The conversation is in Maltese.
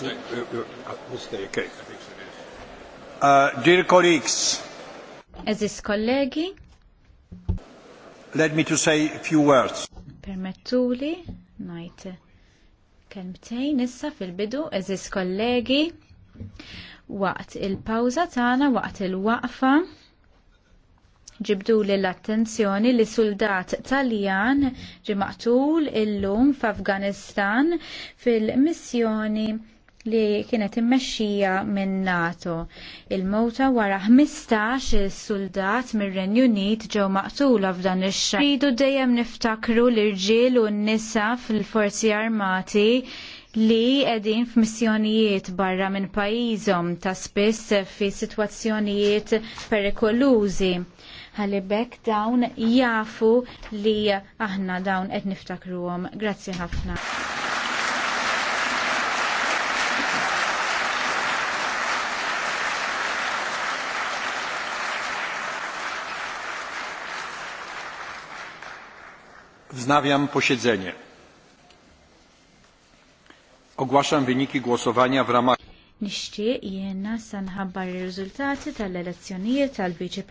Uh, uh, uh, dear colleagues. Eżis kollegi. Let me to say a few words. Permettuli najt kelmtejn issa fil-bidu eżis kollegi waqt il-pawza tagħna waqt il-waqfa ġibdu li l-attenzjoni li soldat taljan ġi maqtul illum f'Afganistan fil-missjoni li kienet immexxija minn NATO. Il-mowta wara 15 soldat mir-Renju Unit ġew maqtula f'dan ix xa Ridu dejjem niftakru l-irġiel u n-nisa fil-forzi armati li qegħdin f'missjonijiet barra minn pajjiżhom ta' spiss fi sitwazzjonijiet perikolużi. Ħalibek dawn jafu li aħna dawn qed niftakruhom. Grazzi ħafna. Wznawiam posiedzenie. Ogłaszam wyniki głosowania w ramach Nixtieq jiena sanħabbar il riżultati tal-elezzjonijiet tal-Viċi